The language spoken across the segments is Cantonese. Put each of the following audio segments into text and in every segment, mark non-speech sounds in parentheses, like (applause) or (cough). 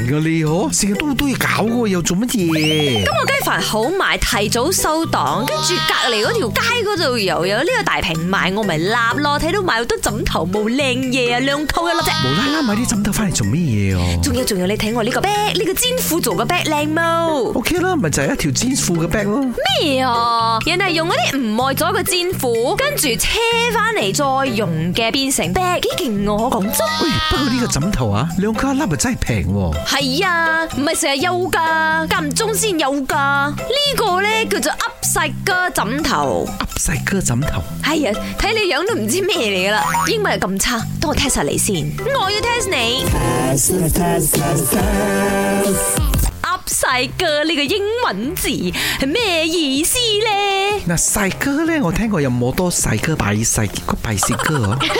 你可成日都都要搞嘅，又做乜嘢？ (laughs) 今日雞飯好埋，提早收檔，跟住隔籬嗰條街嗰度又有呢個大平賣，我咪立咯。睇到買好多枕頭冇靚嘢啊，兩扣一粒啫。無啦啦買啲枕頭翻嚟做乜嘢哦？仲有仲有，你睇我呢個 back 呢個氈褲做嘅 back 靚 OK 啦，咪、okay、就係一條氈褲嘅 back 咯。咩啊？人哋用嗰啲唔賣咗個氈褲，跟住車翻嚟再用嘅，變成 back 幾件我廣州、欸。不過呢個枕頭啊，兩卡粒咪真係平、啊。係啊，唔係成日有噶，間唔中先有噶。呢個咧叫做噏細哥枕頭，噏細哥枕頭。哎呀，睇你樣都唔知咩嚟噶啦，英文又咁差，等我 test 你先。我要 test 你。test test test test。噏細哥呢個英文字係咩意思咧？嗱，細哥咧，我聽過有冇多細哥擺細，個擺細哥。 (laughs)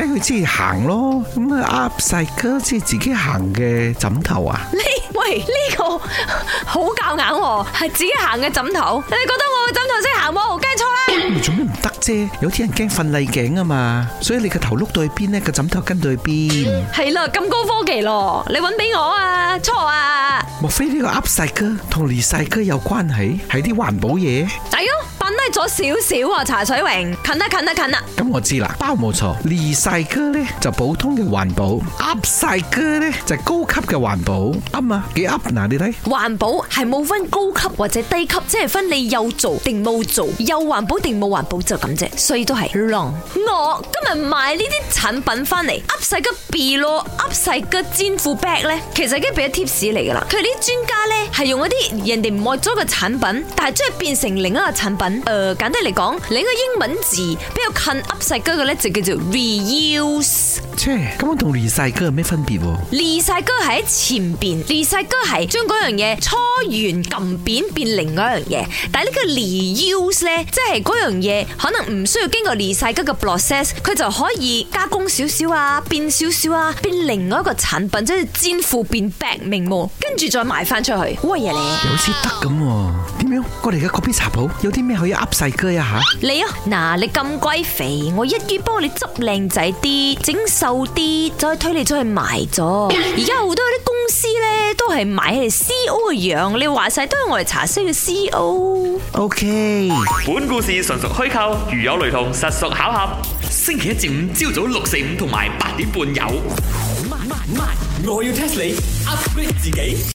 咁佢即係行咯，咁啊鴨晒哥即係自己行嘅枕頭啊？呢喂呢、呢個好教眼，係自己行嘅枕頭。你覺得我嘅枕頭識行冇？好驚錯啦？做咩唔得啫？有啲人驚瞓麗頸啊嘛，所以你個頭碌到去邊咧，呢個枕頭跟到去邊。係咯，咁高科技咯，你搵俾我啊？錯啊？莫非呢個鴨晒哥同李晒哥有關係？係啲環保嘢？哎少少啊，茶水榮，近得、啊、近得、啊、近啦、啊。咁、嗯、我知啦，包冇錯。劣晒哥咧就普通嘅環保，up 晒哥咧就係、高級嘅環保，啱啊、嗯，幾 up 啊？你睇環保係冇分高級或者低級，即係分你做有做又定冇做，有環保定冇環保就咁啫。所以都係 long。我今日買呢啲產品翻嚟，up 晒個 B 咯，up 晒個煎褲 bag 咧，其實已經俾咗 tips 嚟噶啦。佢啲專家咧係用一啲人哋唔愛咗嘅產品，但係將佢變成另一個產品，呃簡單嚟講，你個英文字比較近 up 晒哥嘅咧，就叫做 reuse。咁樣同 re 晒哥有咩分別？re 晒哥係喺前邊，re 晒哥係將嗰樣嘢搓完、撳扁變另外一樣嘢。但係呢個 reuse 咧，即係嗰樣嘢可能唔需要經過 re 晒哥嘅 process，佢就可以加工少少啊，變少少啊，變另外一個產品，即係煎富變 back, 明白名喎。跟住再賣翻出去，喂呀你有少得咁、啊？點樣過嚟嘅嗰邊茶鋪有啲咩可以 up？大哥啊吓，嚟啊！嗱、啊，你咁鬼肥，我一於幫你執靚仔啲，整瘦啲，再推你出去埋咗。而家好多啲公司咧，都係買嚟 CEO 嘅樣，你話晒都係我嚟查色嘅 CEO。OK，本故事純屬虛構，如有雷同，實屬巧合。星期一至五朝早六四五同埋八點半有。我要 test 你 upgrade 自己。